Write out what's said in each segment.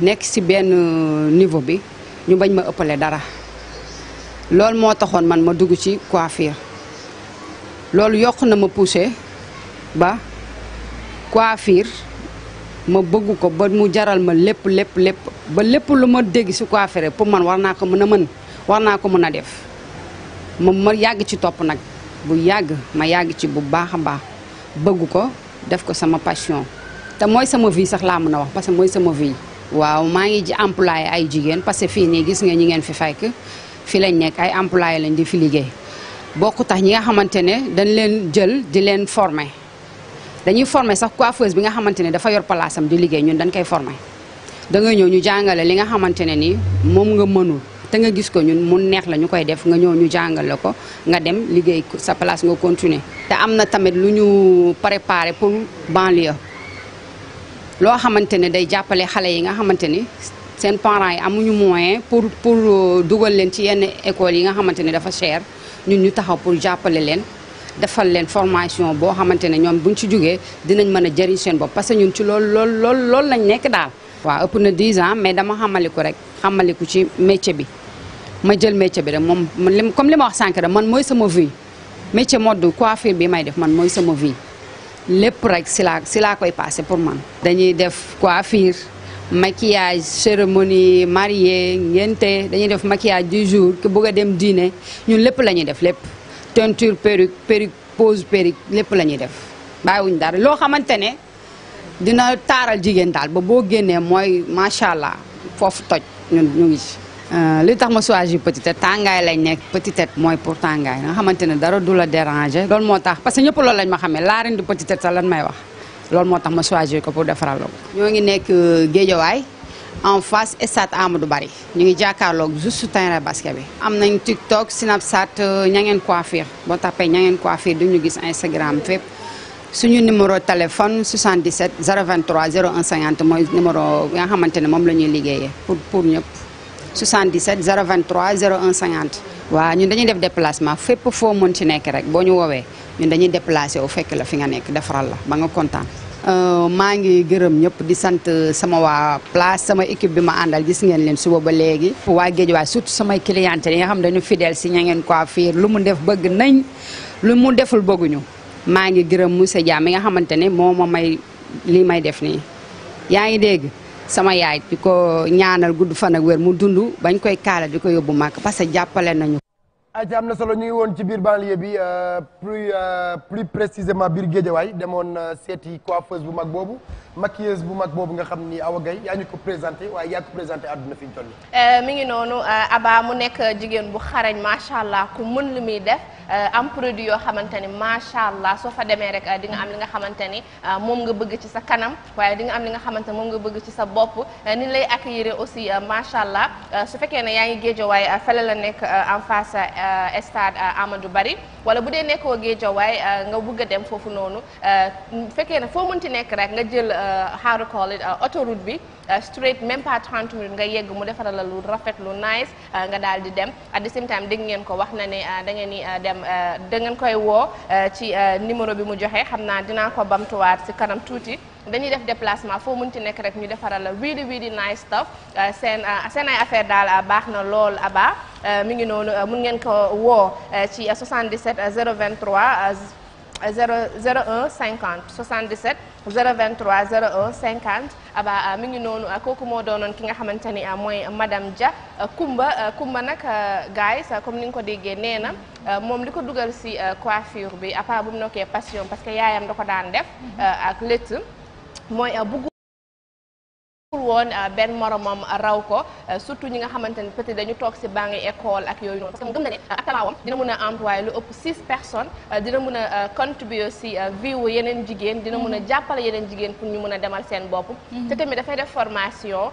nekk ci benn niveau bi ñu bañ ma ëppale dara loolu moo taxoon man ma dugg ci coiffure loolu yokk na ma poussé ba coiffure ma bëgg ko ba mu jaral ma lépp lépp lépp ba lépp lu ma dégg ci coiffure pour man war naa ko mën a mën war naa ko mën a def ma ma yàgg ci topp nag bu yàgg ma yàgg ci bu baax a baax bëgg ko def ko sama passion te mooy sama vie sax laa mën a wax parce que mooy sama vie waaw maa ngi employé ay jigéen parce que fii nii gis nga ñi ngeen fi fekk fi lañ nekk ay employé lañ di fi liggéey bokku tax ñi nga xamante ne dañ leen jël di leen formé dañuy formé sax coiffeuse bi nga xamante ne dafa yor place am di liggéey ñun dañ koy formé da nga ñëw ñu jàngale li nga xamante ne ni moom nga mënul te nga gis ko ñun mu neex la ñu koy def nga ñëw ñu jàngale ko nga dem liggéey sa place nga continuer te am na tamit lu ñu préparé pour banlieue loo xamante ne day jàppale xale yi nga xamante ni seen parents yi amuñu moyen pour pour euh, dugal leen ci yenn écoles yi nga xamante ne dafa cher ñun ñu taxaw pour jàppale leen defal leen formation boo xamante ne ñoom buñ ci jógee dinañ mën a jëriñ seen bopp parce que ñun ci lool lool lool loolu lañ nekk daal. waaw ëpp na 10 ans mais dama xamaliku rek xamaliku ci métier bi ma jël métier bi rek moom comme li ma wax sànq man mooy sama vie métier mode coiffure bi may def man mooy sama lépp rek si laa si laa koy passé pour man. dañuy def coiffure maquillage cérémonie mariée ngénte dañuy def maquillage du jour ku bëgg dem dîner ñun lépp la ñuy def lépp teinture perruque perruque pose perruque lépp la ñuy def bàyyiwuñ dara loo xamante ne dina taaral jigéen daal ba boo génnee mooy macha allah foofu toj ñun ñu Euh, li tax ma choisir Petite tàngaay lañ nekk Petite mooy pour tàngaay nga xamante ne dara du la déranger lool moo tax parce que ñëpp loolu lañ ma xamee la reine de Petite Tête sax may wax lool moo tax ma choisir ko pour defaral ko. ñoo ngi nekk euh, Géejawaay en face stade du Barry ñu ngi jàkkaarloog juste terrain basket bi. am nañ TikTok Snapchat euh, ña ngeen coiffure boo tapee ña ngeen coiffure du ñu gis Instagram fépp suñu numéro téléphone 77 023 01 50 mooy numéro nga xamante ne moom la ñuy liggéeyee pour pour ñëpp. 77 023 01 50 waa ñun dañuy def déplacement fépp foo mën ci nekk rek boo ñu woowee ñun dañuy déplacé wu fekk la fi nga nekk defaral la ba nga kontaan. Euh, maa ngi gërëm ñëpp di sant sama waa place sama équipe bi ma àndal gis ngeen leen suba ba léegi. waa géej waay surtout samay cliente yi nga xam dañu fidèle si ña ngeen coiffure lu mu def bëgg nañ lu mu deful bëgguñu maa ngi gërëm monsieur Dia mi nga xamante ne moo ma may lii may def nii ngi dégg. sama yaay di ko ñaanal gudd fan ak wér mu dund bañ koy kaala di ko yóbbu màkk parce que jàppale nañu. ayca am na solo ñu woon ci biir banlieue bi euh, plus euh, plus précisément biir Géejawaay demoon euh, seeti coiffeuse bu mag boobu. maquilleuse bu mag boobu nga xam ni Awa Gaye yaa ñu ko présenté waaye yaa ko présenté àdduna fi ñu toll euh, mi ngi noonu euh, Aba mu nekk jigéen bu xarañ macha allah ku mën li muy def euh, am produit yoo xamante ni macha allah soo fa demee rek di nga am li nga xamante ni moom nga bëgg ci sa kanam waaye di nga am li nga xamante ni moom nga bëgg ci sa bopp ni lay accueillir aussi macha allah su fekkee ne yaa ngi géejowaay fële la nekk en face stade Amadou Barry wala bu dee nekkoo géejowaay nga bëgg a dem foofu noonu fekkee ne foo mënti nekk rek nga jël Uh, how to call it uh, bi uh, straight même pas 30 minutes nga yegg mu defaral la lu rafet lu nice nga daal di dem at the same time dégg ngeen ko wax na ne da ngeen ni dem da ngeen koy woo ci numéro bi mu joxe xam naa dinaa ko bamtuwaat si kanam tuuti. dañuy def déplacement foo mun ci nekk rek ñu defaral la really really nice stuff seen seen ay affaire daal baax na lool Aba mi ngi noonu mun ngeen ko woo ci 77 023. a 0 01 50 77 023 01 cinquante aba ah ah, mi ngi noonu ah, kooku moo doonoon ki nga xamante ni mooy madame Dia Kumba Kumba nag gars yi comme ni nga ko déggee nee na moom li ko dugal si coiffure bi à part bu mu nokkee passion parce que yaayam da ko daan def ak létt mooy bugg pour woon euh, benn moromam raw ko euh, surtout ñi nga xamante ne peut-être dañu toog ci bangi école ak yooyu noonu parce que mu gëm na ne euh, ak dina mën a employé lu ëpp six personnes dina mën a contribuer ci vie yeneen jigéen dina mën a mhm. jàppale yeneen jigéen pour ñu mën a demal seen bopp mhm. te tamit dafay def formation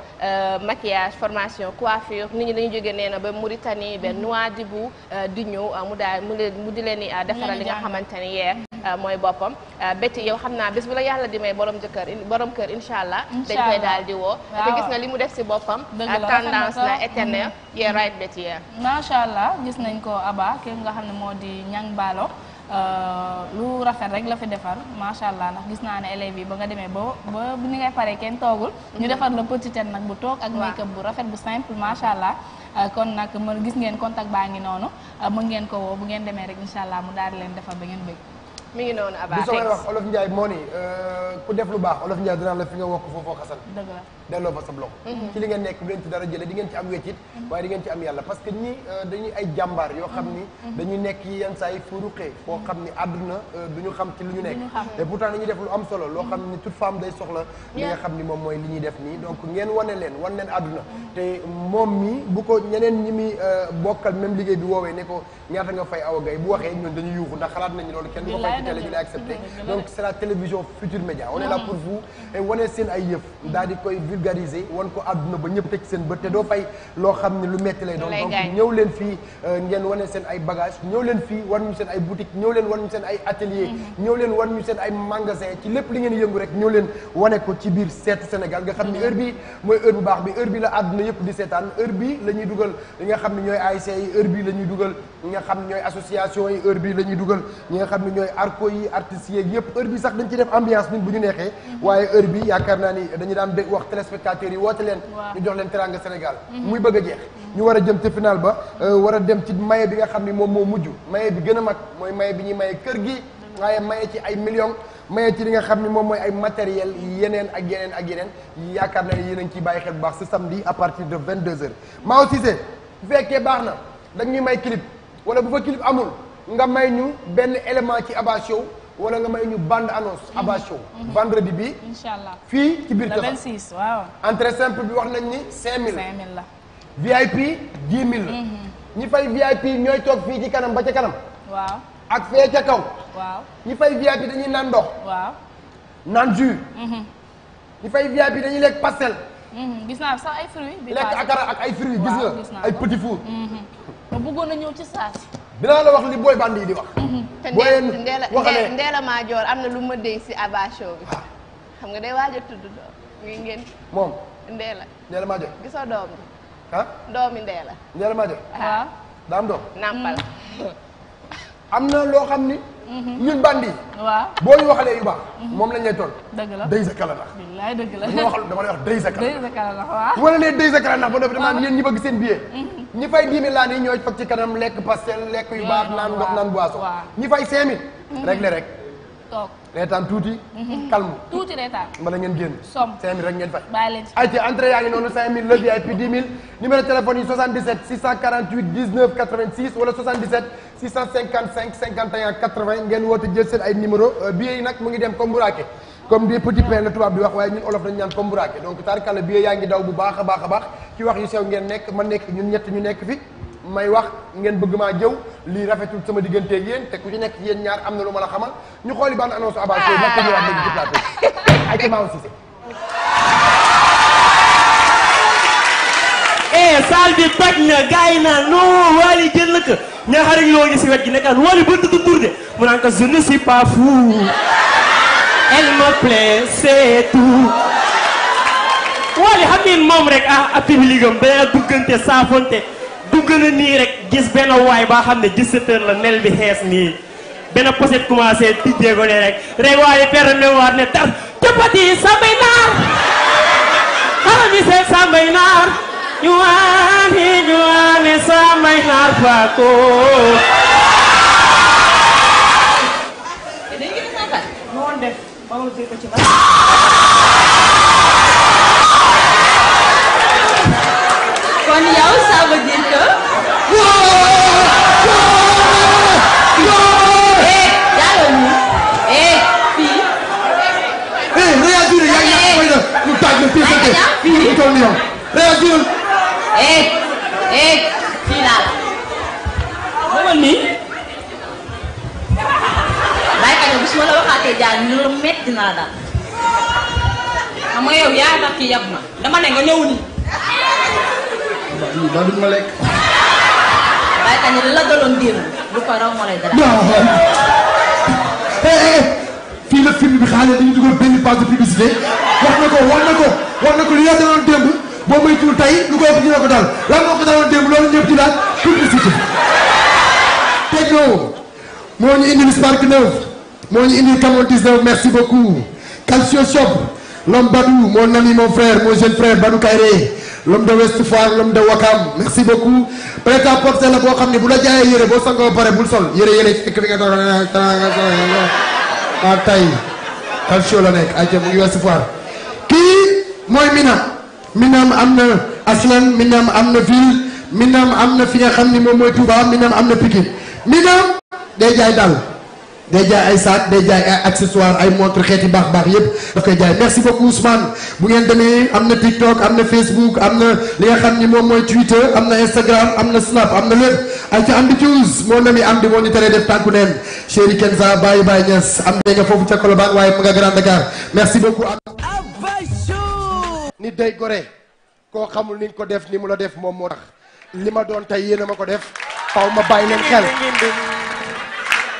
maquillage formation coiffure nit ñi dañu jógee nee na ba Mauritanie ba mhm. Nouadhibou di ñëw mu daal mu di leen di defaral li nga xamante ne yeer mooy boppam bétti yow xam naa bés yàlla di borom jëkkër borom kër incha woo te gis na li mu def si boppam ak tendance la éternel yee mm-hmm. right bet yee macha allah gis nañ ko Aba ki nga xam ne moo di ñang baalo euh, lu rafet rek la fi defar macha allah ndax gis naa ne élèves yi ba nga demee ba ba ni ngay paree kenn toogul. ñu mm-hmm. defar la petit ten nag bu toog. ak make-up bu rafet bu simple macha allah. Euh, kon nag man gis ngeen contact baa ngi noonu euh, mën ngeen ko woo bu ngeen demee rek incha allah mu daal di leen defar ba ngeen bëgg. mi ngi noonu Aba bu soobee wax Olof Ndiaye moo ni ku def lu baax Olof Ndiaye dinaa la fi nga wokk foofoo xasan. dëgg la. delloo fa sa loxo mhm. ci li ngeen nekk bu leen ci dara jëlee di ngeen ci am weccit mhm. waaye di ngeen ci am yàlla parce que ñi euh, dañuy ay jàmbaar yoo xam ni mhm. dañuy nekk yi yenn saa yi fu foo xam ni àdduna euh, du ñu xam ci lu ñu nekk et pourtant ñu def lu am solo loo xam ni toute femme day soxla li nga xam ni moom mooy li ñuy def nii donc ngeen wane leen wan leen àdduna te moom mi bu ko ñeneen ñi muy euh, bokkal même liggéey bi woowee ne ko ñaata nga fay aw gay bu waxee ñun dañuy xalaat nañu loolu kenn ko fay ci télé ñu vulgariser wan ko àdduna ba ñëpp teg seen bët te doo fay loo xam ne lu metti lay doon donc ñëw leen fii euh, ngeen wane seen ay bagage ñëw leen fii wan ñu seen ay boutique ñëw leen wan ñu seen ay atelier mm-hmm. ñëw leen wan ñu seen ay magasin ci lépp li ngeen yëngu rek ñëw leen wane ko ci biir seetu Sénégal nga xam ne mm-hmm. heure bi mooy heure bu baax bi heure bi la àdduna yëpp di seetaan heure bi la ñuy dugal nga xam ne ñooy ASC yi heure bi la ñuy dugal ñi nga xam ne ñooy association yi bi la ñuy dugal ñi nga xam ne ñooy arco yi artistes yi yëpp ci def ambiance ñun ñu neexee mm-hmm. waaye téléspectateurs yi woote leen ñu jox leen teranga Sénégal muy bëgg a jeex ñu war a jëm ci final ba euh, war a dem ci maye bi nga xam ni moom moo mujj maye bi gën a mag mooy maye bi ñuy maye kër gi waaye maye ci ay million maye ci li nga xam ni moom mooy ay matériel yeneen ak yeneen ak yeneen yaakaar na ne yéen ciy bàyyi xel bu baax ce samedi à partir de 22h Mao Cissé bu fekkee baax na dañuy may clip wala bu fa clip amul nga may ñu benn élément ci Aba Show wala nga may ñu bande annonce Abba Show mhm. vendredi bi incha allah fii ci biir Kër 26 waaw entrée simple bi wax nañ ni 5000 5000 la VIP 10000 la mhm. ñi fay VIP ñooy toog fii ci kanam ba ci kanam waaw ak fee ca kaw waaw ñi fay VIP dañuy naan ndox waaw naan jus mhm. ñi fay VIP dañuy lekk pastel gis naa sax ay fruits bi lekk akara ak ay fruits gis naa ay petit four. bëggoon na ñëw ci saa dinaa la wax li booy bandi di wax. Mhm. booy waxalee te Ndella am na lu ma déy si Abasho bi. Ah. xam nga day waaj a tudd doom muy ngeen. moom Ndella. la Madior gisoo doom bi. ah doomi la Ndella Madior. waaw ah. daa am doom. nàmpal. am na loo xam ni. Mm-hmm. ñun bandi. waaw boo ñu waxalee yu baax. Mm-hmm. moom lañ lay toll. dëgg la day sa nax. day sa nax. day sa nax waaw. wala ne day sa nax ba def damaa ñeen bëgg seen billet. Mm-hmm. ñi fay 10 000 laa nii ñooy fekk ci kanam lekk pastel lekk yu baax naan ndox naan boisson. ñi fay 5000. rek le rek. toog reetaan tuuti. calme tuuti reetaan. mbala ngeen génn. som rek ngeen fay. ay ci entrée yaa ngi noonu 5000 la VIP 10 000 numéro téléphone yi 77 648 19 86 wala 77. 655 51 80 ngeen woote jël seen ay numéro euh, billets yi nag mu ngi dem comme buraake comme des petits pains la tubaab di wax waaye ñun olof dañu naan comme buraake donc tarkala billets yaa ngi daw bu baax a baax a baax ci wax yu sew ngeen nekk ma nekk ñun ñett ñu nekk fi may wax ngeen bëgg maa jëw lii rafetul sama diggante yéen te ku ci nekk ci yéen ñaar am na lu ma la xamal ñu xooli ban annonce avancée ba ko ñëwaat léegi ci plateau eh salle bi toj na gars yi naan non jël na ko ñaxare ñu ngi wet gi nekkaan Wally ba tudd tur de mu naan ko je ne suis pas fou elle me plaît c'est xam ngeen moom rek ah appui bi liggéeyam dana duggante saafonte dugg nii rek gis benn waay baa xam ne 17h la nel bi xees nii benn poset commencé tijjee ko ne rek rek waaye perte ne waat ne tar capati sambay naar xalam yi seen sambay naar. ñuwaani ñuwaani samay naar faako kon yow ça veut dire que Réagir, il y a un peu de... Nous taguons, s'il vous plaît. Réagir. eeg eeg fii laa la. ni bàyyi ka bu su ma waxaatee jaar loolu metti na daal nga yow yaa tax ki yab ma dama nga ñëw nii. waaw duñ ma lekk. bàyyi ka ne la daloon démb lu ko raw moo lay dara. Eh, eh, eh. fii la film bi xaaral dañu dugal benn page de publicité wax na ko war na ko war na ko li yaa daloon démb. boo moytuwul tey lu ko ëpp ñu ne ko daal lan moo ko daloon démb loolu ñëpp di laaj publicité. Techno moo ñu indi moo ñu indi Camon 19 merci beaucoup Calcio Shop l'homme Badou moo ami mon frère mon jeune frère Badou Kayré l'homme de West Foire l'homme de Wakam merci beaucoup prêt-à-porter la boo xam ne bu la jaayee yére boo sangoo pare bul sol yére yére fekk nga ah tay Calcio la nekk ay West Foire kii mooy Mina Minam am na Aslan Minam am na ville Minam am na fi nga xam ni moom mooy Touba Minam am na Pikine Minam day jaay dàll day jaay ay saak day jaay ay accessoire ay montre xeeti baax baax yépp daf koy jaay merci beaucoup Ousmane bu ngeen demee am na TikTok am na Facebook am na li nga xam ni moom mooy Twitter am na Instagram am na Snap am na lépp ay ca Amdi News moo nami am di moo ñu teree def tànku neen chéri Kenza bàyyi bàyyi Niass am dee nga foofu ca Colobane waaye mu nga Grand nit day gore koo xamul niñ ko def ni mu la def moom moo tax li ma doon tay yéen a ma ko def faw ma bàyyi leen xel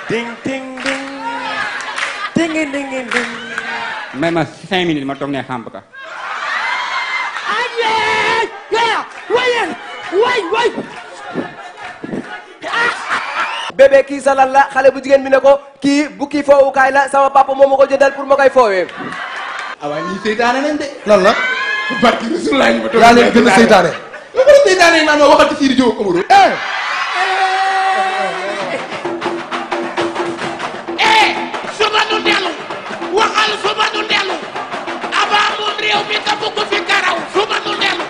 ding ding ding may ma cinq minutes ma toog ne xàmb ka aje yaa wayen way way bébé kii sa la xale bu jigéen bi ne ko kii bu kii foowukaay la sama papa moo ma ko jëndal pour ma koy foowee awa ñi seytaane nañ de lan la barke Rasulullah ñu ma toog. yaa leen gën a seytaane. ba pare seytaane yi naan ma waxal ci Sidy Diop ak Omaro. Eh. Eh. Eh, suba nu dellu waxal suba nu dellu abaa moom réew mi te bugg fi karaw suba nu dellu.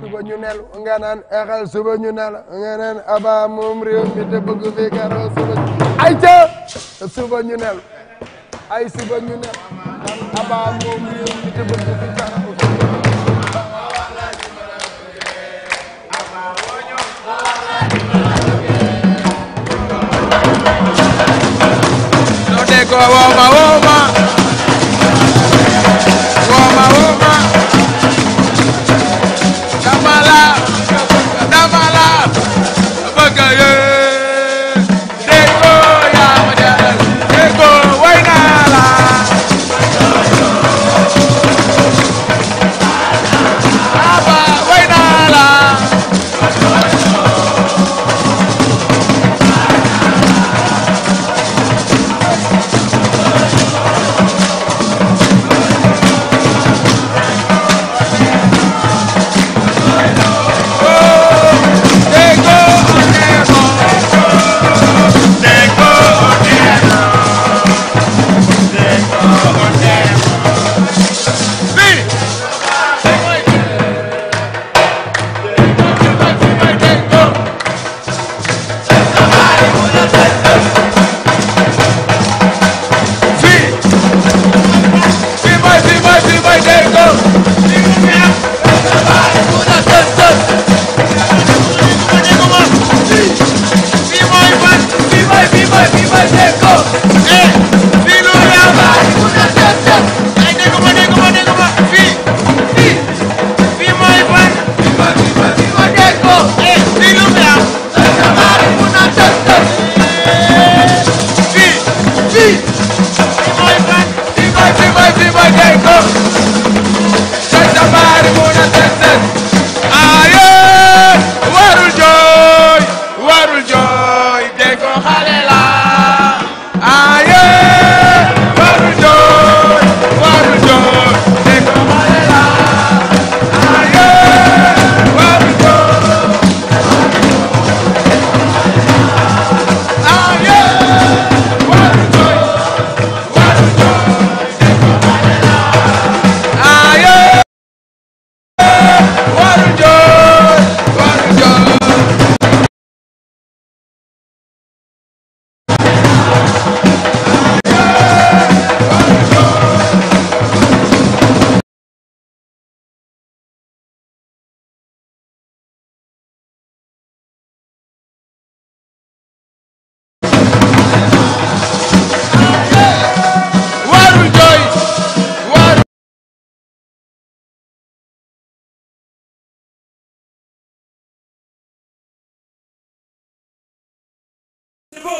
suba ñu nel nga naan axal suba ñu nel nga naan abaa moom réew mi te bugg fi karaw suba. ay ca suba ñu nel ay suba ñu nel abaa moom réew mi te bugg fi ko wooma wooma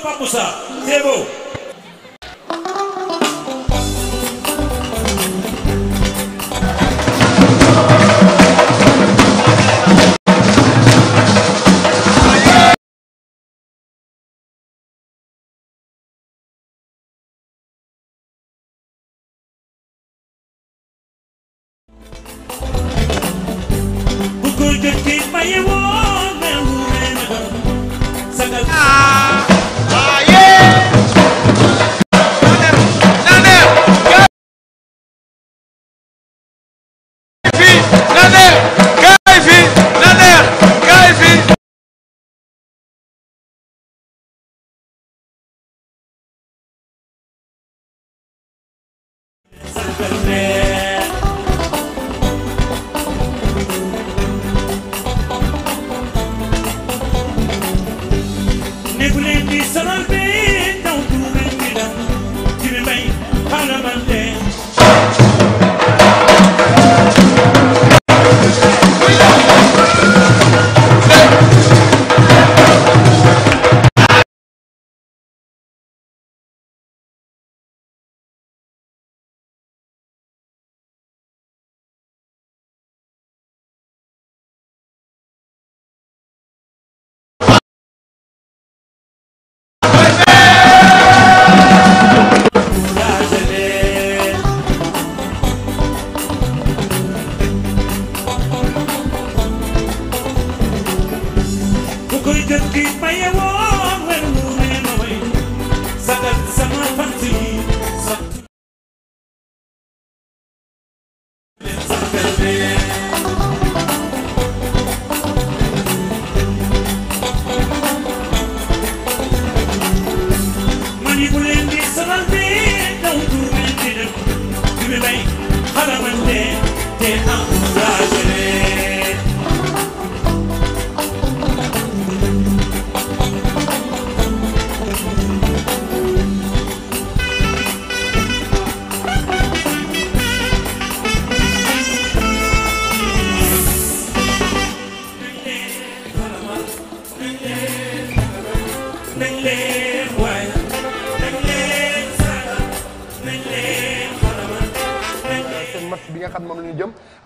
Pape Moussa Thébo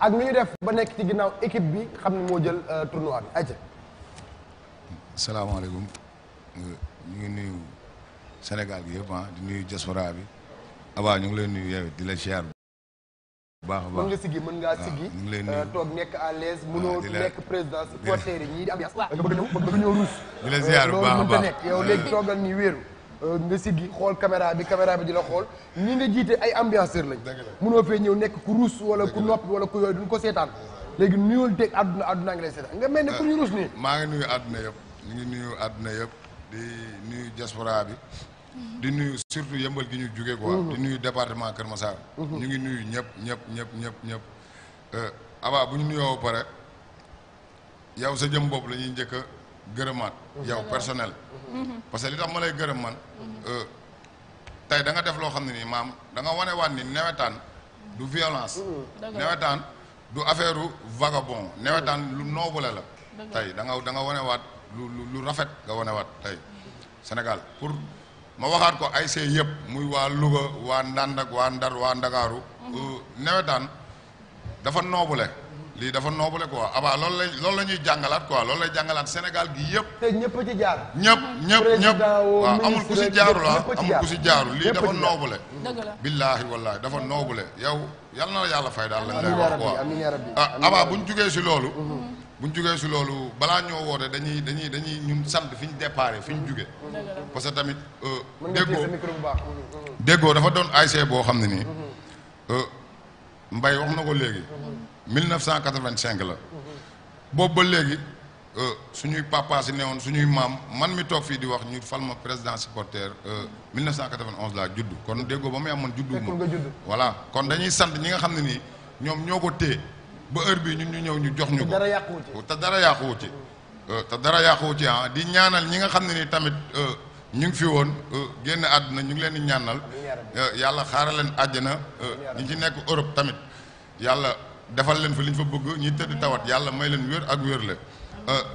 ak nu ñu def ba nekk ci ginnaaw équipe bi xam ne moo jël euh, tournoi bi ayca. salaamaaleykum ñu ngi nuyu Sénégal gi yëpp ah di nuyu diaspora bi abaa ñu ngi leen nuyu yow di la ziar bu baax a baax mën nga siggi mën ngaa siggi euh, toog nekk à l'aise mënoo nekk président supporter yi ñii di ambiance nga bëgg ñëw ruus di la ziar euh, baax a baax wéeru Euh, nga siggi xool caméra bi caméra bi di la xool nii nga jiite ay ambianceur lañ mënoo fee ñëw nekk ku ruus wala ku noppi wala ku yooyu duñ ko seetaan léegi nuyul teg àdduna àdduna ngi lay seetaan nga mel ne ku ñu ruus nii maa ngi nuyu àdduna yëpp ñu ngi nuyu àdduna yëpp di nuyu diaspora bi di nuyu surtout yëmbal gi ñu jóge quoi mhm. di nuyu département Kër Massar mhm. ñu ngi nuyu ñëpp ñëpp ñëpp ñëpp ñëpp euh, abaa bu ñu nuyoo pare yow sa jëm bopp la ñuy njëkk a gërëmaat mhm. yow personnel parce que li tax ma lay gërëm man euh, tey da nga def loo xam ne nii maam danga nga wane waat ni nawetaan du violence mm-hmm. nawetaan du affaire vagabond nawetaan lu noobule la tey da nga da wane waat lu rafet nga wane waat tey Sénégal pour ma waxaat ko ay see yëpp muy waa Louga waa ndandak waa Ndar waa Ndakaaru mm-hmm. euh, nawetaan dafa noobule lii dafa noobule quoi abaa ah loolu la loolu la ñuy jàngalaat quoi loolu lay jàngalaat Sénégal gi yëpp. te ñëpp ci jaar. ñëpp ñëpp ñëpp waaw amul ku si jaaru la amul ku si jaaru lii dafa noobule. dëgg billaahi wallaahi dafa noobule yow yal na yàlla fay daal lañ lay wax abaa bu ñu jugee si loolu. Mm-hmm. bu ñu jugee si loolu balaa ñoo woote dañuy dañuy dañuy ñun sant fi ñu déparé fi ñu jugee. parce que tamit. Euh, déggoo mm-hmm. déggoo dafa doon ASC boo xam ne nii. Mm-hmm. Euh, mbay wax na ko léegi 1985 la boobu ba léegi euh, suñuy papa si newoon suñuy maam man mi toog fii di wax ñu fal ma président supporter 1991 euh, laa judd kon déggoo ba muy am man juddu ma voilà kon dañuy sant ñi nga xam ne nii ñoom ñoo ko té ba heure bii ñun ñu ñëw ñu jox ñu ko te dara yàquwu ci te dara yàquwu ci euh, ah di ñaanal ñi nga xam ne nii tamit ñu ngi fi woon euh, génn àdduna ñu ngi leen di ñaanal euh, yàlla xaaral leen àjjana euh, ñi ci nekk Europe tamit yàlla defal leen fi li ñu fa bëgg ñi tëdd tawat yàlla may leen wér ak wér la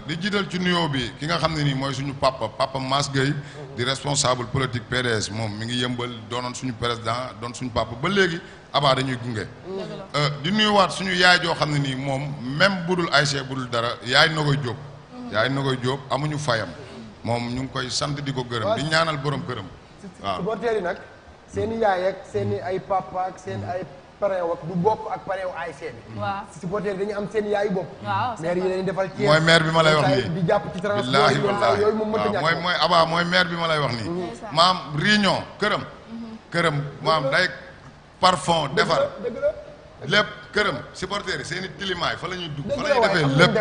di jiital ci nuyoo bi ki nga xam ne nii mooy suñu papa papa Mass Gueye di responsable politique PDS moom mi ngi yëmbal doonoon suñu président doon suñu papa ba léegi abaa dañuy gunge di nuyuwaat suñu yaay joo xam ne nii moom même budul ayse budul dara yaay na koy jóob yaay na koy jóob amuñu fayam moom ñu ngi koy sant di ko gërëm di ñaanal boroom këram waaw supporters yi nag seen i yaay ak seen ay papa ak seen ay pareew ak du bopp ak pareew ASC bi waaw supporters dañu am seen yaay bopp maire yi leen defal bi ma lay wax nii di jàpp ci transport yi mooy mooy abaa mooy maire bi ma lay wax nii mm-hmm. maam réunion këram mm-hmm. këram maam day parfum defar lépp këram supporters yi tilimaay fa la ñuy dugg fa la ñuy defee lépp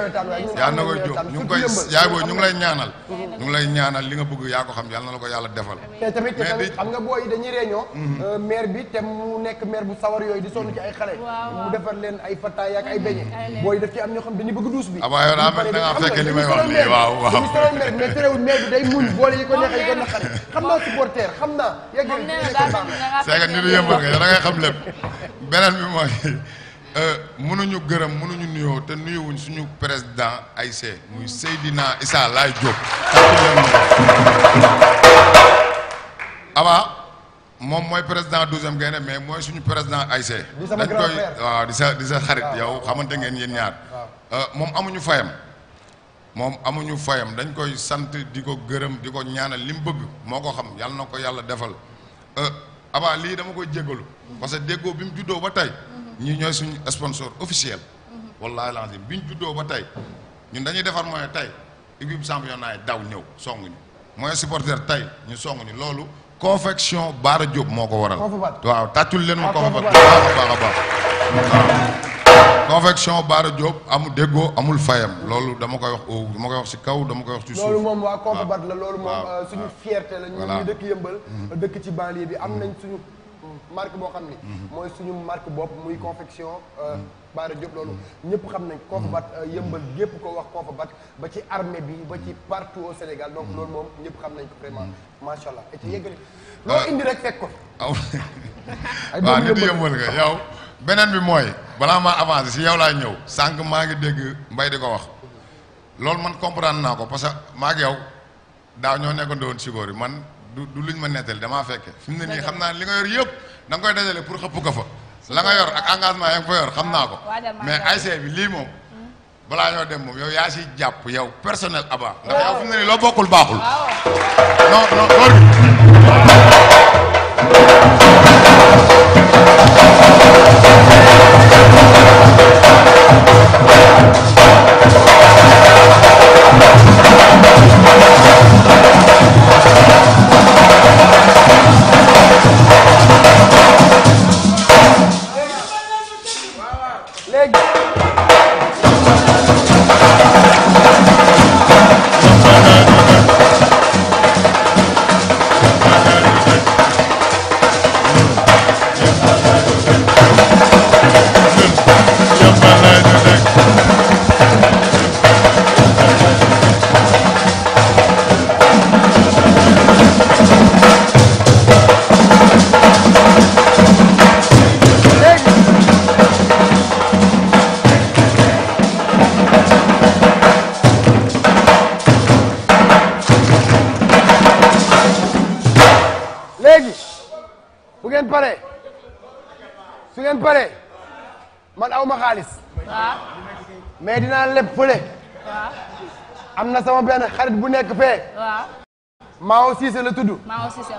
yàlla na koy jóg ñu koy yaay booy ñu ngi lay ñaanal ñu ngi lay ñaanal li nga bëgg yaa ko xam yàlla na la ko yàlla defal te tamit te tamit xam nga booy yi dañuy réunion mhm. euh, bi te mu nekk maire bu sawar yooyu di sonn ci ay xale mu defar leen ay fataay ak ay beñe booy yi ci am ñoo xam dañuy bëgg duus bi ah, waaw yow daa mel da ngaa fekk li wax nii waaw waaw beneen bi mooy Euh, mënuñu gërëm mënuñu nuyoo te nuyuwuñ suñu président ay ASC muy Seydina Issa laay Diop aba moom mooy président douzième gaynde mais mooy suñu président ASC dañ koy waaw di sa di xarit yow xamante ngeen yéen ñaar euh, moom amuñu fayam moom amuñu fayam dañ koy sant di ko gërëm di ko ñaanal li bëgg moo ko xam yàlla na ko yàlla defal euh, aba lii dama koy jégalu parce déggoo bi juddoo ba tey ñu ñooy suñu sponsor officiel. wallaahi lancé bi ñu ba tey ñun dañuy defar mooy tey équipe championnat yi daw ñëw songuñu mooy supporter tey ñu ni loolu confection Baara Diop moo ko waral. waaw tàccul leen ma ah, ko a baax waaw confection Baara Diop amul déggoo amul fayam loolu dama koy wax au dama koy wax si kaw dama koy wax ci suuf. loolu moom waa Concobat la loolu moom euh, suñu fierté la ñu dëkk yëmbal mm-hmm. dëkk ci banlieue bi am nañ suñu. marque boo xam ni. Mhm. mooy suñu marque bopp muy confection. Euh, Baara Diop loolu ñëpp xam nañ koo fa bat euh, yëmbal gépp ko wax koo fa bat ba ci armée bi ba ci partout au Sénégal donc mhm. loolu moom ñëpp xam nañ ko vraiment mhm. macha allah et euh, ko aw waaw nit yëmbal nga yow beneen bi mooy balaa maa avancé si yow laa ñëw sànq maa ngi dégg mbay di ko wax loolu man comprendre naa ko parce que maa ngi yow daaw ñoo nekkoon doon si yi man du du luñ ma nettali damaa fekke fi mu ne nii xam naa li nga yor yëpp da nga koy dajale pour xëpp ko fa la nga yor ak engagement ya nga fa yor xam naa ko mais ASC bi lii moom hmm. balaa ñoo dem moom yow yaa si jàpp yow personnel aba ndax yow fi mu nii loo bokkul baaxul non non góor gi sama benn xarit bu nekk fee. waaw. Mao Cissé la tudd. Mao Cissé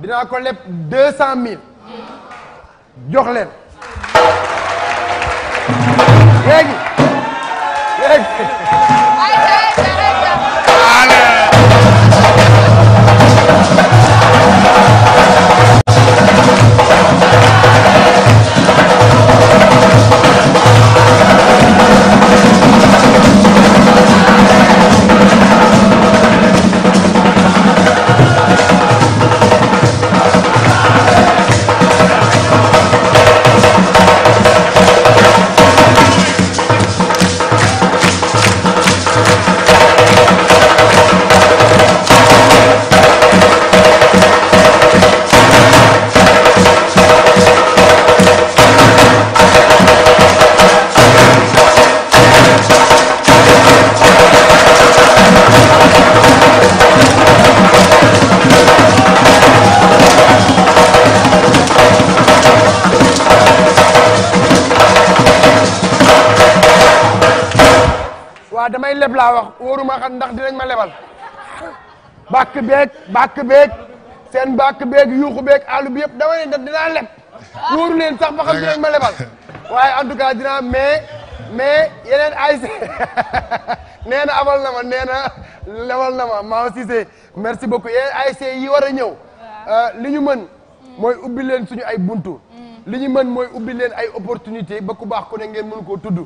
dinaa ko leb deux cent mille. Mm. jox leb laa wax ma xam ndax dinañ ma lebal bàkk beeg bàkk beeg seen bàkk beeg yuuxu beeg àll bi yëpp dama ne daf dinaa leb wóoru leen sax ba xam dinañ ma lebal waaye en tout cas dinaa mais mais yeneen ay nee na abal na ma nee na lebal na ma maa Cissé merci beaucoup yeneen ay yi war a ñëw euh, li ñu mën mm. mooy ubbi leen suñu ay buntu mm. li ñu mën mooy ubbi leen ay opportunité ba ku baax ku ne ngeen mën koo tudd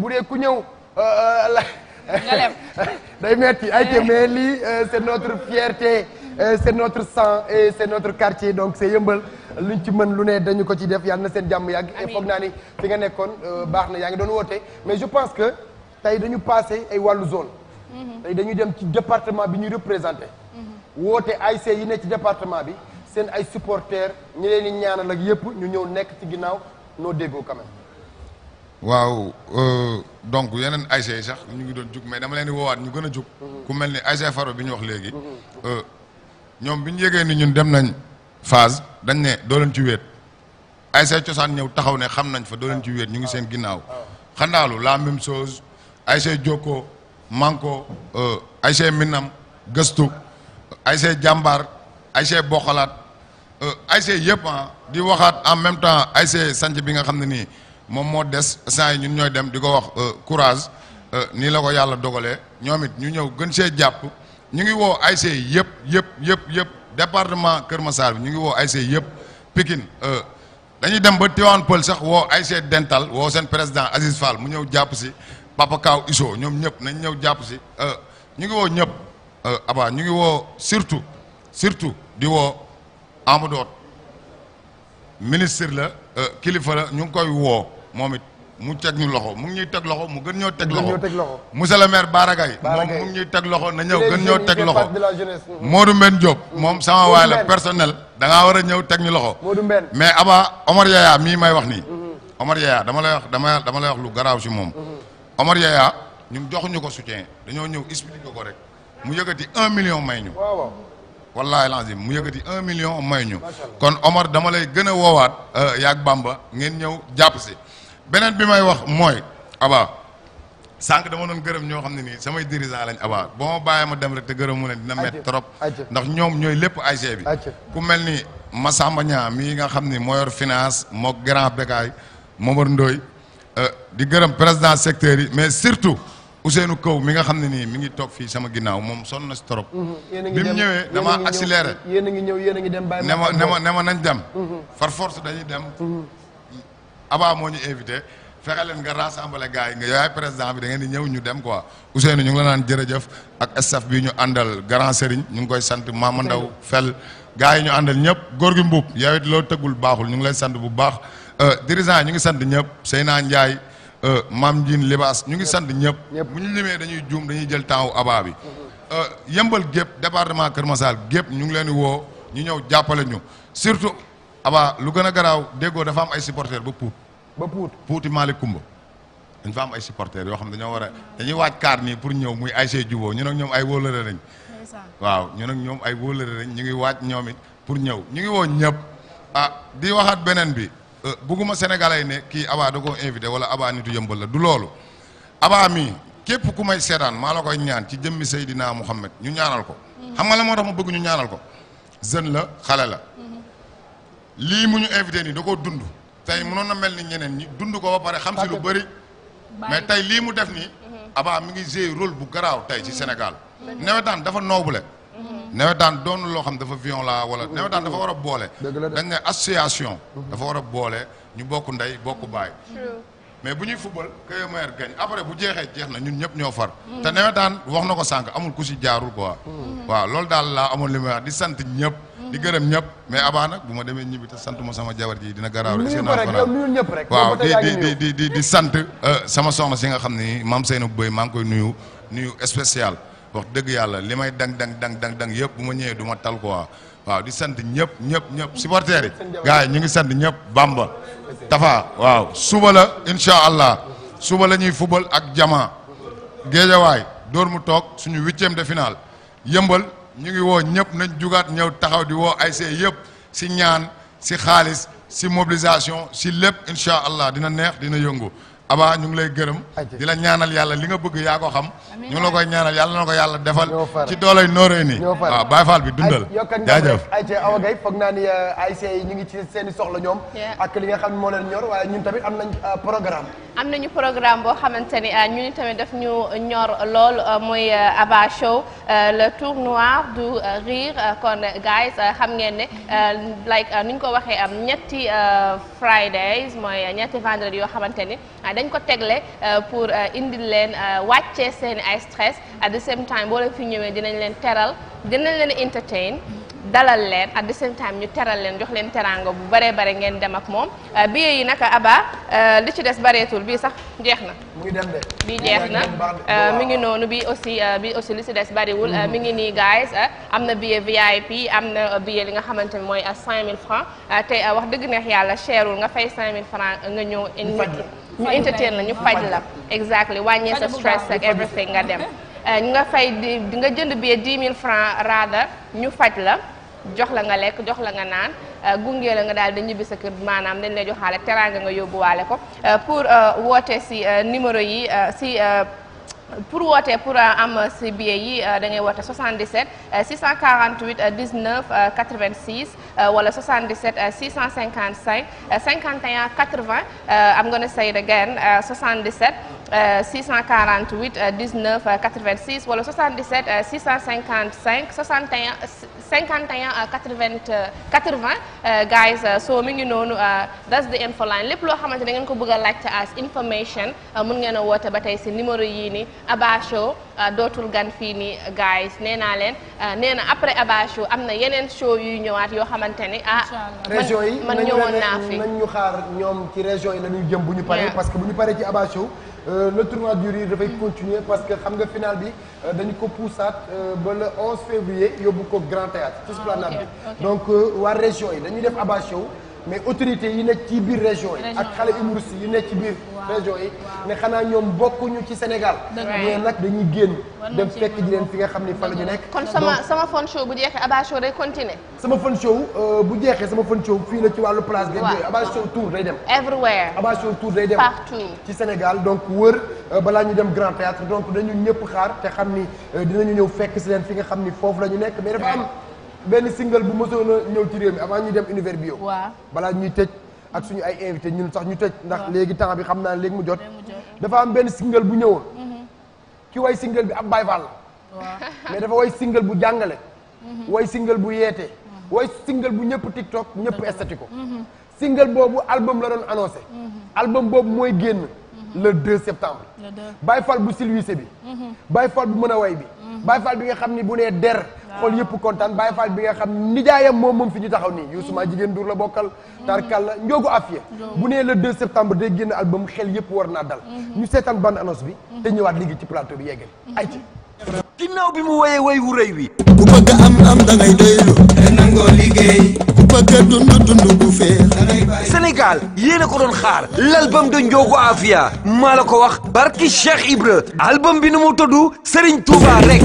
bu dee ku ñëw euh, euh, nga lem day metti ay te mais lii euh, c'est notre fierté euh, c'est notre sang et c'est notre quartier donc c'est yëmbal luñ ci mën lu ne dañu ko ci def yàlla na seen jàmm yàgg et foog naa ni fi nga nekkoon euh, baax na yaa ngi doon woote mais je pense que tey dañu passé ay wàllu zone mhm. tey dañu dem ci département bi ñuy représenté mhm. woote ay ASC yi ne ci département bi seen ay supporters ñi leen ñaana ñaanal ak yëpp ñu ñëw nekk ci ginnaaw noo déggoo quand même waaw euh, donc yeneen ASC sax ñu ngi doon jug mais dama leen di woowaat ñu gën a jug. ku mel ni ASC Faro bi ñu wax léegi. Euh, ñoom bi ñu ni ñun dem nañ phase dañ ne doo ci wéet ASC cosaan ñëw taxaw ne xam nañ fa doo ci wéet ñu ngi seen ginnaaw. xandaalu la même chose ASC Jokko Manko euh, ASC Minam Gëstu ASC Jàmbaar ASC Boxalaat ASC yëpp ah di waxaat en même temps ASC Sanc bi nga xam ne nii. moom moo des saa yi ñun ñooy dem di ko wax euh, courage euh, nii la ko yàlla dogalee ñoom it ñu ñëw gën see jàpp ñu ngi woo ASC yëpp yëpp yëpp yëpp département Kër Massar bi ñu ngi woo ASC yëpp Pikine euh, dañuy dem ba Tivaouane Peulh sax woo ay ASC Dental woo seen président Aziz Fall mu ñëw jàpp si Papa Kaw ñoom ñëpp nañ ñëw jàpp si ñu ngi woo ñëpp Aba ñu ngi woo surtout surtout di woo Amadou ministre la kilifa la ñu ngi koy woo. moom it mu teg ñu loxo mu ngi ñuy teg loxo mu gën ñoo teg loxo monsieur le maire Baragay moom mu teg loxo na ñëw gën ñoo teg loxo mmh. Modou Mbène Diop moom sama waay la personnel da war a ñëw teg ñu loxo mais Aba Omar Yaya mii may wax nii mmh. Omar Yaya dama lay wax dama dama lay wax lu garaaw si moom mmh. Omar Yaya ñu joxuñu ko soutien dañoo ñëw expliqué ko rek mu yëkkati un million may ñu wallahi lazim mu yëkkati un million may ñu kon Omar dama lay gën a woowaat euh, yaag Bamba ngeen ñëw jàpp si beneen bi may wax mooy aba sànq dama noon gërëm ñoo xam ne nii samay dirigeant lañ abaa ba ma bàyyi dem rek te gërëmu leen dina met trop ndax ñoom ñooy lépp AG bi ku mel ni Massamba Niang mii nga xam ni moo yor finance moo grand békaay Momar Ndoye euh, di gërëm président secteur yi mais surtout Ousseynou Kaw mi nga xam ne nii mi ngi toog fii sama ginnaaw moom son na si trop mhm. bi ñëwee dama accéléré a ngi ñëw yéen ne ma ne ma nañ dem mhm. par force dañuy dem mhm. Aba moo ñu invité fexe leen nga rassembler gars yi nga yaay président bi dangeen di ñëw ñu dem quoi Ousseynou ñu ngi la naan jërëjëf ak staff bi ñu àndal grand Serigne ñu ngi koy sant Mama Ndaw Fel gars yi ñu àndal ñëpp góor gi mbuub yow it loo tëggul baaxul ñu ngi lay sant bu baax euh, dirigeant ñu ngi sant ñëpp Seyna Ndiaye euh, maam Ndiine Libaas ñu ngi sant ñëpp bu ñu limee dañuy juum dañuy jël temps wu Aba bi mm-hmm. euh, yëmbal gépp département Kër Massar gépp ñu ngi leen di woo ñu ñëw jàppale surtout abaa lu gën a garaaw déggoo dafa am ay supporters ba puut ba puut puuti Malick Kumba dañ fa am ay supporters yoo xam dañoo war a dañuy waaj kaar nii pour ñëw muy ASC Juboo ñu nag ñoom ay wóolare lañ waaw ñu nag ñoom ay wóolare lañ ñu ngi waaj ñoom it pour ñëw ñu ngi woo ñëpp ah di waxaat beneen bi euh, bugguma sénégalais ne kii abaa da invité wala abaa nitu yëmbal la du loolu abaa mii képp ku may seetaan maa la koy ñaan ci jëmmi Seydina Mouhamed ñu ñaanal ko mm. xam nga la moo tax ma bëgg ñu ñaanal ko jeune la xale la lii mu ñu invité nii da koo dund tey mënoon na mel ni ñeneen ñi dund ko ba pare xam si lu bëri mais tey lii mu def nii Aba mi ngi joué rôle bu garaaw tey ci Sénégal nawetaan dafa noobule nawetaan doon loo xam dafa laa wala nawetaan dafa war a boole dañ ne association dafa war a boole ñu bokk ndey bokk baay mais bu ñuy football que le meilleur gagne après bu jeexee jeex na ñun ñëpp ñoo far te nawetaan wax na ko sànq amul ku si jaarul quoi mm. waaw loolu daal laa amoon li di sant ñëpp di gërëm ñëpp mais avant nag bu ma demee ñibbi te sant sama jabar ji dina garaaw rek waaw di waaw di di di sant euh, sama soxna si nga xam ni maam Seynou Boy maa ngi koy nuyu nuyu spécial wax dëgg yàlla li may dang dang dang dang dang yëpp bu ma ñëwee du ma tal quoi waaw di sant ñëpp ñëpp ñëpp supporters yi gars ñu ngi sant ñëpp Bamba Tafa waaw suba la incha allah suba la ñuy fubal ak Jama Géejawaay dóor mu toog suñu huitième de finale yëmbal ñu ngi woo ñëpp nañ jugaat ñëw taxaw di woo ASC yëpp si ñaan si xaalis si mobilisation si lépp incha allah dina neex dina yëngu Aba ñu ngi lay gërëm di la ñaanal yàlla li nga bëgg yaa ko xam ñu ngi la koy ñaanal yàlla na ko yàlla defal ci doolay nooree nii waaw Baye bi dundal jaajëf ayca Awa Gueye foog naa ni euh, ñu ngi ci seen i soxla ñoom ak li nga xam ne moo leen ñor waaye ñun tamit am nañ euh, programme am nañu programme boo xamante ni euh, ñun tamit def ñu ñor lool mooy Aba Show le tournoi du rire kon guys xam ngeen ne like ni ñu ko waxee am ñetti Fridays mooy ñetti vendredi yoo xamante dañ ko tegle euh, pour euh, indil leen euh, wàccee seen i stress at the same time boo fi ñëwee dinañ leen teral dinañ leen entertain dalal leen at the same time ñu teral leen jox leen teraanga bu baree bare ngeen dem ak moom euh, billet yi naka aba euh, li ci des bareetul bi sax jeex na bii jeex na mu ngi euh, noonu bii aussi bii aussi li ci des bariwul mi ngi nii guys am na billet VIP am na billet li nga xamante ni mooy 5000 francs te wax dëgg neex yàlla cherul nga fay mille francs nga ñëw ñu entertain la ñu faj la exactly wàññee sa stress ak everything nga dem Eh, nga fay di nga jënd billet 10 000 francs raada ñu faj la jox la nga lekk jox la nga naan eh, gunge la nga daal di ñibbi sa kër maanaam dañ lay joxaale teraanga nga yóbbuwaale ko eh, pour woote si numéro yi si. pour woote pour am si billet yi da ngay woote 77 648 19 86 wala 77 655 51 80 I'm gonna say it again 77 648 19 86 wala 77 655 61 51 80 80 guys euh, so mi ngi noonu euh, that's the info line lépp loo xamante da ngeen ko bëgg a laajte as information euh, mun ngeen a woote ba tey si numéro yii ni Abba dootul gan fii ni guys nee naa leen nee na après Abba am na yeneen show yuy ñëwaat yoo xamante ni ah man ñëwoon naa fi yi nañ ñu xaar ñoom ci région yi la ñuy jëm bu ñu paree parce que bu ñu paree ci Abba Euh, le tournoi du Rire dafay continuer parce que xam nga final bi euh, dañu ko poussaat euh, ba le 11 février yóbbu ko Grand Théâtre ci esplanade bi donc waa région yi dañuy def abat show mais autorité yi nekk ci biir région yi ak xale humouriste yi nekk ci biir région yi ne xanaa ñoom bokkuñu ci Sénégal mais nag dañuy génn dem fekk ji leen fi nga xam ni fa la ñu nekk kon sama sama show bu jeexee Abba Show day continuer euh, bu jeexee sama fun fii la ci wàllu place day jooy Abba tour day dem everywhere Abba Show tour day dem partout ci Sénégal donc wër euh, balaa ñu dem Grand Théâtre donc dañu ñëpp xaar te xam ni euh, dinañu ñëw fekk si leen fi nga xam ni foofu la ñu nekk mais dafa am benn single bu mësoon a ñëw ci réew mi avant ñuy dem univers bio. waaw balaa ñuy tëj ak suñu ay invité ñun sax ñu tëj. ndax léegi temps bi xam naa léegi mu jot. dafa am benn single bu ñëwoon. Mhm. ki way single bi ab Baye Fall la. mais dafa way single bu jàngale. Mhm. way single bu yeete. Mhm. way single bu ñëpp TikTok ñëpp estati ko. single boobu album la doon annoncé. album boobu mooy génn. le 2 septembre. le 2 bu silwise bi. Baye Fall bu mën a way bi. Baye Fall bi nga xam ni bu nee der. xool yëpp kontaan Baye Fall bi nga xam nijaayam moo moom fi ñu taxaw nii Youssouma jigéen dur la bokkal tarkalla njoogu afiya bu nee le 2 septembre day génn album xel yëpp war naa dal mhm. ñu seetaan bande annonce bi te ñëwaat léegi ci plateau bi yeggal mhm. ay ci ginnaaw bi mu woyee way wu rëy wi ku bëgg am am da ngay doylu nangoo liggéey ku bëgg dund dund bu feex Sénégal yéen ko doon xaar l'album de Ndiogo Afia maa la ko wax barki Cheikh Ibra album bi nu mu tudd Serigne Touba rek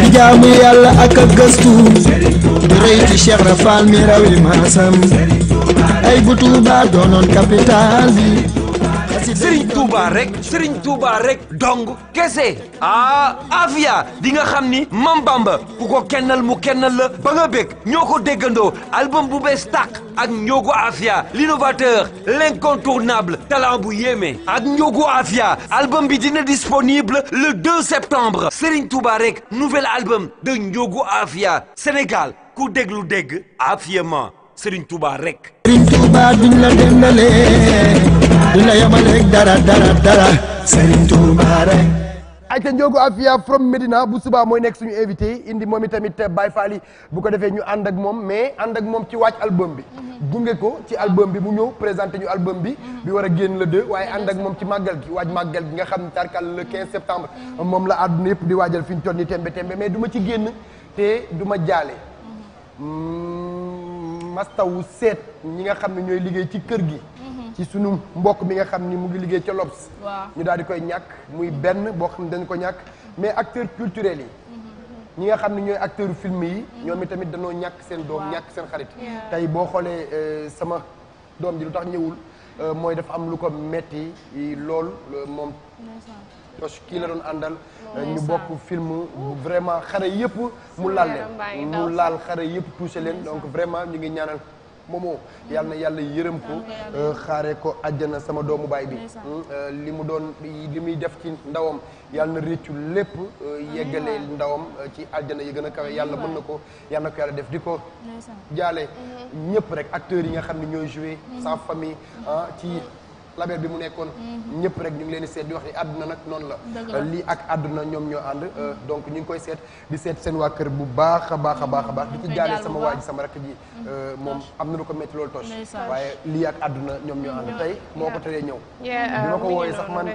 di jaamu yàlla ak a gëstu di rëy ci Cheikh Rafal mi rawi maasam ay bu Touba doonoon capital Serigne Touba rek Serigne Touba rek dong kese ah Afia di nga xam ni Mam Bamba ku ko kennal mu kennal la bég ñoo ko déggandoo album bu bees tàkk ak Ndiogo Afia l'innovateur l'incontournable talent bu yéeme ak Ndiogo Afia album bi dina disponible le 2 septembre Serigne Touba rek nouvel album de Ndiogo Afia Sénégal ku déglu dégg Afia ma Serigne Touba rek. du la yemaleeg dara dara dara Serigne Touba rek. ayca Ndiogo Afia from Medina bu subaa mooy nekk suñu invité indi moom itamit Baye Fall bu ko defee ñu ànd ak moom mais ànd ak moom ci wàcc album bi. gunge ko ci album bi mu ñëw présenté ñu album bi. bi war a génn la 2 waaye ànd ak moom ci màggal gi waaj màggal gi nga xam ne tarkal le 15 septembre. moom la àdduna yëpp di waajal fi ñu toll tembe tembe mais duma ma ci génn te duma jaale jaale. Mm, wu seet ñi nga xam ne ñooy liggéey ci kër gi. ci suñu mbokk mi nga xam ni mu ngi liggéey ca Lobs. ñu daal di koy ñàkk muy benn boo xam ne dañu ko ñàkk mais acteurs culturels yi. ñi nga xam ne ñooy acteurs film yi. ñoom itamit danoo ñàkk seen doom ñàkk seen xarit. tey boo xoolee euh, sama doom ji lu ñëwul euh, mooy dafa am lu ko metti lool euh, moom. tos kii la doon àndal ñu bokk film vraiment xare yëpp mu laal leen mu laal xare yëpp touché leen donc vraiment ñu ngi ñaanal. Momo yal na yàlla yërëm ko euh, xaare ko àjjana sama doomu baay bi hmm, euh, li mu doon li muy def ci ndawam yal na réccu lépp euh, yeggale ndawam ci àjjana yi gën a kawe yàlla mën na ko yal na yàlla def di ko jaale ñëpp rek acteurs yi nga xam ne ñooy joué sa famille ah, ci label bi mu nekkoon mhm. ñëpp rek ñu ngi leen di seet di wax ni àdduna nag noonu la euh, lii ak àdduna ñoom ñoo ànd euh, donc ñu ngi koy seet di seet seen waa kër bu baax baax a baax a baax mhm. di ci jaale sama waa ji sama rakk ji mhm. euh, moom am na lu ko métti loolu tosh waaye lii ak àdduna ñoom ñoo ànd tey moo ko teree ñëw bi ma ko wooyee sax man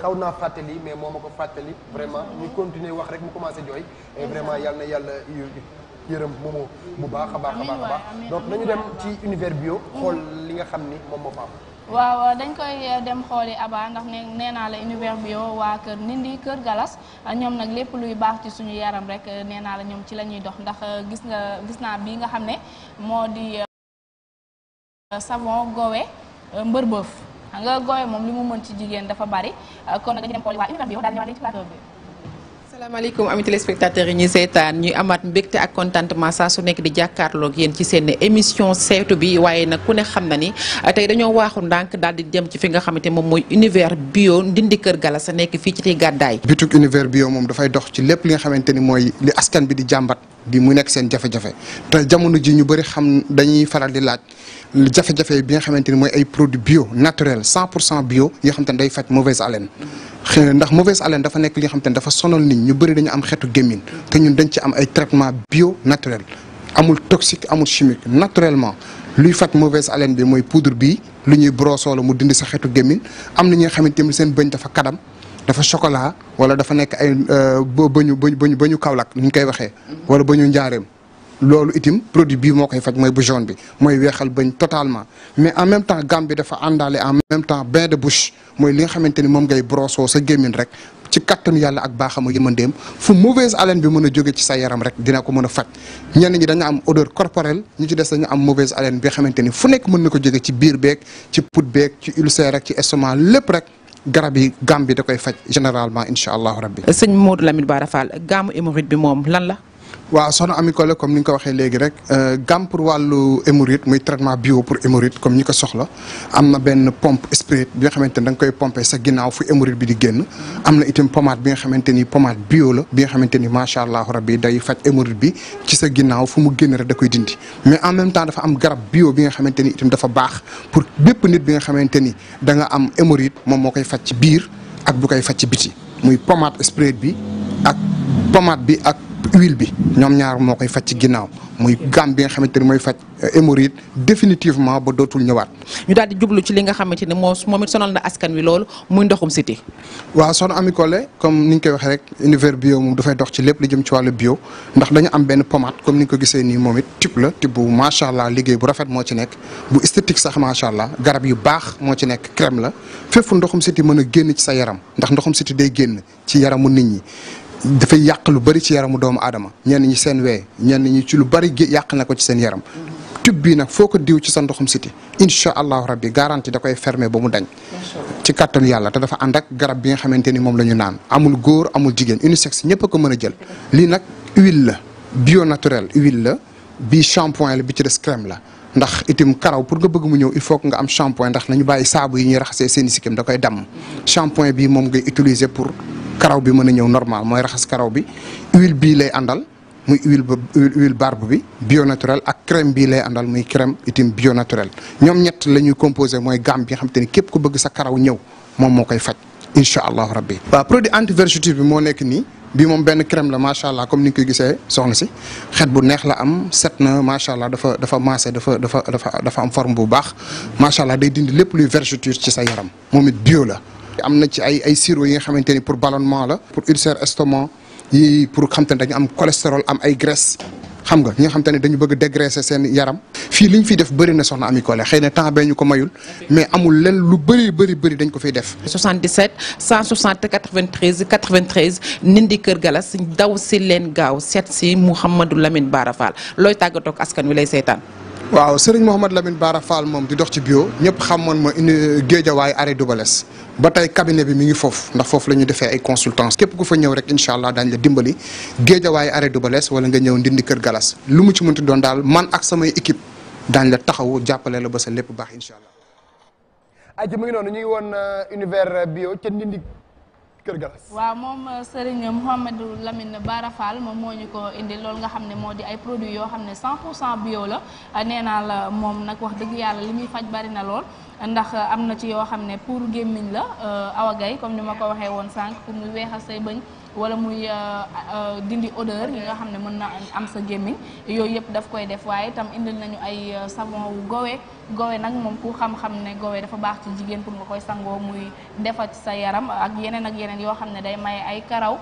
xaw naa fàttali mais moo ma ko fàttali vraiment ñu continuer wax rek mu commencé jooy et yàlla na yàlla yërëm moomu bu baax a baax a baax a baax donc nañu dem ci bi yow xool li nga xam ni moom moo am waaw dañ koy eh, dem xooli Aba ndax ne nee naa la univers bio waa kër Nindi kër Galas eh, ñoom nag lépp luy baax ci suñu yaram rek eh, nee naa la ñoom ci la ñuy dox ndax gis nga gis naa bii nga xam ne moo di savon gowe mbërbëf xam nga gowe moom li mu mën ci jigéen dafa bari kon nag dañuy dem xooli waa univers bio daal ñëwaat ci plateau bi asalaamaaleykum ami téléspectateurs yi ñuy seetaan ñuy amaat mbégte ak contentement saa su nekk di jàkkaarloog yéen ci seen émission seetu bi waaye nag ku ne xam na ni uh, tey dañoo waaxu ndànk daal di dem ci fi nga xamante moom mooy univers bio ndindi kër gala sa nekk fii ci tey gàddaay bituk univers bio moom dafay dox ci lépp li nga xamante ni mooy li askan bi di jàmbat di mu nekk seen jafe-jafe te jamono ji ñu bëri xam dañuy faral di laaj jafe-jafe bi nga xamante ni mooy ay produits bio naturel 100 pour cent bio yoo xam te ne day faj mauvaise haleine ndax mauvaise haleine dafa nekk li nga xam te ne dafa sonal nit ñu bëri dañu am xeetu gémmin te ñun dañ ci am ay traitement bio naturel amul toxique amul chimique naturellement luy faj mauvaise haleine bi mooy poudre bi lu ñuy broso la mu dindi sa xeetu gémmiñ am na ñi nga xamante seen bëñ dafa kadam dafa chocolat wala dafa nekk ay euh, bañu bañu bañu Kaolack ni ñu koy waxee wala bañu njaareem loolu itim produit bii moo koy faj mooy bu jaune bi mooy weexal bañ totalement mais en même temps gam bi dafa àndaale en même temps bain de mooy li nga xamante ni moom ngay broso sa gémmiñ rek ci kattanu yàlla ak baaxamu yëmandeem fu mauvaise haleine bi mën a jóge ci sa yaram rek dina ko mën a faj ñenn ñi dañu am odeur corporelle ñu ci des dañu am mauvaise haleine bi xamante ni fu nekk mën na ko jóge ci biir beeg ci put beeg ci ulcère rek ci estomac lépp rek garab yi gam bi da koy faj généralement incha allahu rabbi. sëñ Modou Lamine Bara Fall gaamu hémorroïde bi moom lan la. waaw soxna Ami Collé comme ni nga ko waxee léegi rek euh, gam pour wàllu hémorroïde muy traitement bio pour hémorroïde comme ñi ko soxla am na benn pomp spirit bi nga xamante ni da koy pomper sa ginnaaw fu hémorroïde bi di génn am na itam pommade bi nga xamante ni pommade bio la bi nga xamante ni macha allah rabbi day faj hémorroïde bi ci sa ginnaaw fu mu génn rek da koy dindi mais en même temps dafa am garab bio bi nga xamante ni itam dafa baax pour bépp nit bi nga xamante ni da am hémorroïde moom moo koy faj ci biir ak bu koy faj ci biti muy pomat spirit bi ak pommade bi ak huile bi ñoom ñaar moo koy faj ci ginnaaw muy gam bi nga xamante ni mooy faj euh, hémorroïde définitivement ba dootul ñëwaat. ñu daal di jublu ci li nga xamante ni moom moom it sonal na askan wi loolu muy ndoxum cité. waaw son Ami Collé comme ni ñu koy waxee rek univers bio moom dafay dox ci lépp li jëm ci wàllu bio ndax dañu am benn pomat comme ni nga ko gisee nii moom it la type bu macha allah liggéey bu rafet moo ci nekk bu esthétique sax macha allah garab yu baax moo ci nekk crème la fépp ndoxum cité mën a génn ci sa yaram ndax ndoxum cité day génn ci yaramu nit ñi. dafa yàq lu bari ci yaramu doomu aadama ñenn ñi seen wee ñenn ñi ci lu bari yàq na ko ci seen yaram. tube bii nag foo ko diw ci sa ndoxum siti incha allahu rabbi garanti da koy fermer ba mu dañ. ci kàttanu yàlla te dafa ànd ak garab bi nga xamante ni moom lañu naan amul góor amul jigéen unisex ñëpp a ko mën a jël. lii nag huile la bio naturel huile la bi shampoing la bi ci des crème la. ndax itim karaw pour nga bëgg mu ñëw il faut que nga am shampoing ndax nañu bàyyi saabu yi ñuy raxasee seen sikkim da koy damm shampoing bi moom ngay utiliser pour karaw bi mën a ñëw normal mooy raxas karaw bi huile bii lay àndal muy huile ba huile barbe bi bio naturel ak crème bii lay àndal muy crème itim bio naturel ñoom ñett lañuy ñuy composé mooy gamme bi xam te ni képp ku bëgg sa karaw ñëw moom moo koy faj incha allahu rabbi waaw produit anti vergeture bi moo nekk nii bi moom benn crème la macha allah comme ni koy gisee soxna si xet bu neex la am set na macha allah dafa dafa maase dafa dafa dafa dafa am forme bu baax macha allah day dindi lépp luy vergeture ci sa yaram moom it bio la. am na ci ay ay sirop yi nga xamante ni pour ballonnement la pour ulcère estomac yi pour xam te ne dañu am cholestérol am ay graisse. xam nga ñi nga xam te ne dañu bëgg dégraisser seen yaram fii li ñu fiy def bëri na soxna Ami Collé na temps bee ñu ko mayul mais amul lenn lu bëri bëri bëri dañ ko fi def 77 160 93 93 Nindi Kër gala Galas daw si leen gaaw seet si Mouhamadou Lamine Bara Fall looy tàggatoog askan wi lay seetaan waaw Serigne Mouhamed Lamine Bara Fall moom di dox ci bio ñëpp xamoon ma une géejawaay arrêt Dubales ba tey cabinet bi mi ngi foofu ndax foofu la ñu defee ay consultance képp ku fa ñëw rek incha allah daañu la dimbali géejawaay arrêt Dubales wala nga ñëw ndindi kër galas lu mu ci mënti doon daal man ak samay équipe daañu la taxawu jàppale la ba sa lépp baax incha allah. aji mu ngi noonu ñu ngi woon euh, univers bio Kër Galas. waaw moom euh, Serigne Mouhamadou Lamine Bara Fall moom moo ñu ko indi loolu nga xam ne moo di ay produit yoo xam ne 100% bio la euh, nee naa la moom nag wax dëgg yàlla li muy faj bari na lool. ndax euh, am na ci yoo xam ne pour gémmiñ la awagay comme ni ma ko waxee woon sànq pour muy weexal say bëñ. wala muy euh, euh, dindi odeur yi nga xam ne mën na am sa gémmiñ yooyu yëpp daf koy def waaye itam indil nañu ay euh, savon wu gowe gowe nag moom ku xam-xam ne gowe dafa baax ci jigéen pour ma koy sangoo muy defa ci sa yaram ak yeneen ak yeneen yoo xam ne day maye ay karaw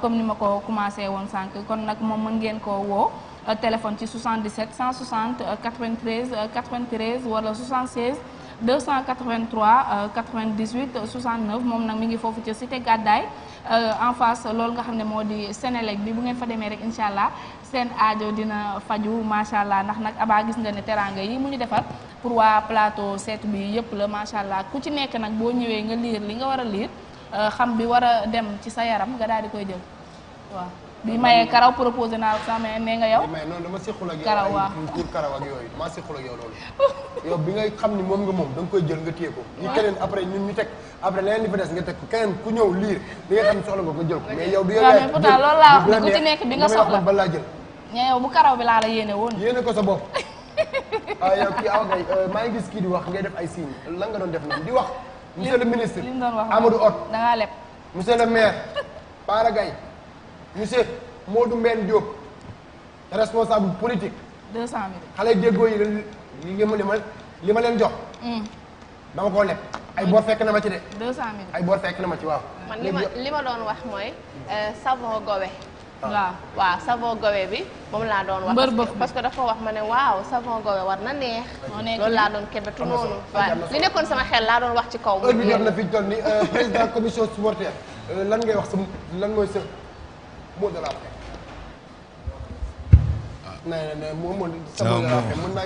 comme ni ma ko commencé woon sànq kon nag moom mën ngeen koo woo téléphone ci 77 160 93 93 wala 76 283 98 69 moom nag mi ngi foofu ci cité Gàddaay euh, en face loolu nga xam ne moo di Sénélec bi bu ngeen fa demee rek incha allah seen aajo dina faju macha allah ndax nag abaa gis nga ne teraanga yi mu ñu defar pour waa plateau seet bi yëpp la macha allah ku ci nekk nag boo ñëwee nga liir li nga war a liir euh, xam bi war a dem ci sa yaram nga daal di koy jël waaw. di maye karaw proposé naa sax mais nee nga yow. mais non dama seqal ak yow dama seqal ak yow loolu. yow bi nga xam ni moom nga moom danga koy jël nga téye ko. waaw après ñun ñu teg après leneen fa des nga teg keneen ku ñëw liir li nga xam soxla nga ko nekk bi nga laa jël. mais yow bu karaw bi laa la yéene woon. yéene ko sa bopp. ah yow ah, euh, maa gis kii di wax ngay def ay signes lan nga doon def nag di wax. monsieur le ministre Amadou Hott da ngaa leb monsieur le maire Bara Gaye monsieur Modou Mbène Diop responsable politique. 200000 xale déggoo yi li ma li ma leen jox. Mm. dama koo leb ay bor fekk na ma ci de. 200000 ay bor fekk na ma ci waaw. man li ma li ma doon wax mooy euh, savon gowe. Ah. waaw waaw savon gowe bi moom laa doon wax. parce que dafa wax ma ne waaw savon gowe war na neex. loolu laa doon kebetu noonu. waaw li nekkoon sama xel laa doon wax ci kaw. mu bi jot na fi ñu toll nii euh, président commission supporter euh, lan ngay wax sa lan mooy sa. mot de la paix. Ah, nee na ne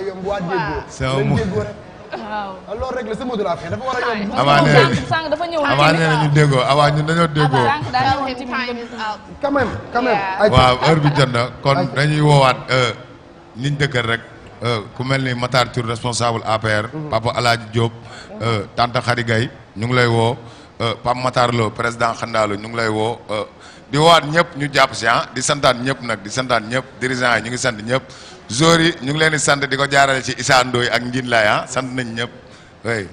déggoo. waaw ah, ñu dañoo déggoo. waaw heure bi jot na kon dañuy woowaat euh, liñ dëkkal rek. Euh, ku mel ni Matar Tour responsable APR. Mhm. papa Alaaji Diop. Euh, tante Khady ñu ngi lay woo. Pape Matar Lo président Xandaalu ñu ngi lay woo. di woowaat ñëpp ñu jàpp si ah di santaat ñëpp nag di santaat ñëpp dirigeant yi ñu ngi sant ñëpp joueurs yi ñu ngi leen di sant di ko jaarale ci Issa Ndoye ak Ndine Laye ah, sant nañ ñëpp oui.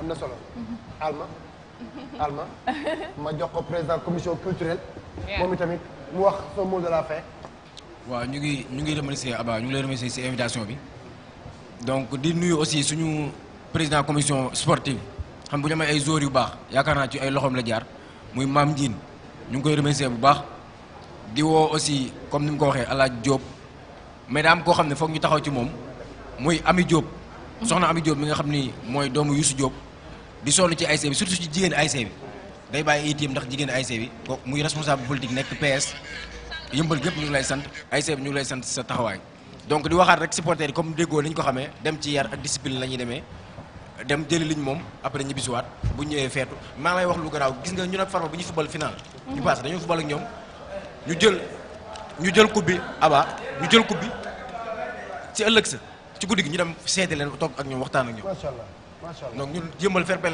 am na solo. Alma Alma ma jox ko président commission culturelle. moom itamit mu wax son mot la fin. waaw ñu ngi ñu ngi remercier Aba ñu ngi lay remercier si invitation bi donc di nuyu aussi suñu président commission sportive xam bu ñu amee ay joueurs yu baax yaakaar naa ci ay loxoom la jaar muy Mame Ndine. ñu ngi koy remercier bu baax di woo aussi comme ni mu ko waxee alaaj Diop mais daa am koo xam ne foog ñu taxaw ci moom muy Ami Diop. soxna Ami Diop mi nga xam ni mooy doomu Youssou Diop di sonn ci ASC bi surtout ci jigéen ASC bi day bàyyi itam ndax jigéen ASC bi ko muy responsable politique nekk PS yëmbal gépp ñu ngi lay sant ASC bi ñu lay sant sa taxawaay donc di waxaat rek supporters yi comme déggoo ni ñu ko xamee dem ci yar ak discipline la ñuy demee dem jëli liñ moom après ñibbi si waat bu ñëwee feetu maa lay wax lu garaaw gis nga ñun ak Farba bu ñu football final. ñu passé dañoo football ak ñoom ñu jël ñu jël coupe bi aba ñu jël coupe bi ci ëllëg sa ci guddi gi ñu dem seeti leen toog ak ñoom waxtaan ak macha allah macha allah donc ñun jëmmal fair play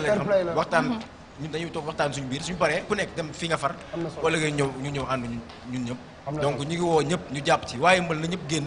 waxtaan. Mhm. ñun dañuy toog waxtaan suñu biir suñu paree ku nekk dem fi nga far. am na solo wala nga ñëw ñu ñëw ànd ñun donc ñu ngi woo ñëpp ñu jàpp ci waaye mbal na ñëpp génn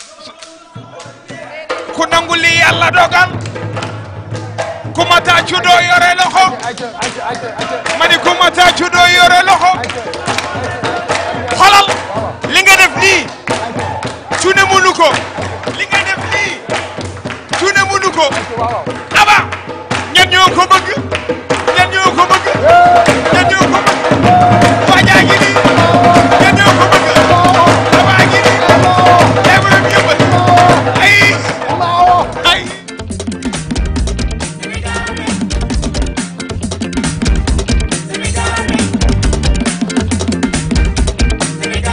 nangu li yàlla ku ma tàccu doo yore loxo ma ni ku ma tàccu doo yore loxo xolal li nga def nii Cuune mënu ko li nga def nii Cuune mënu ko aba ñan ñoo ko bëgg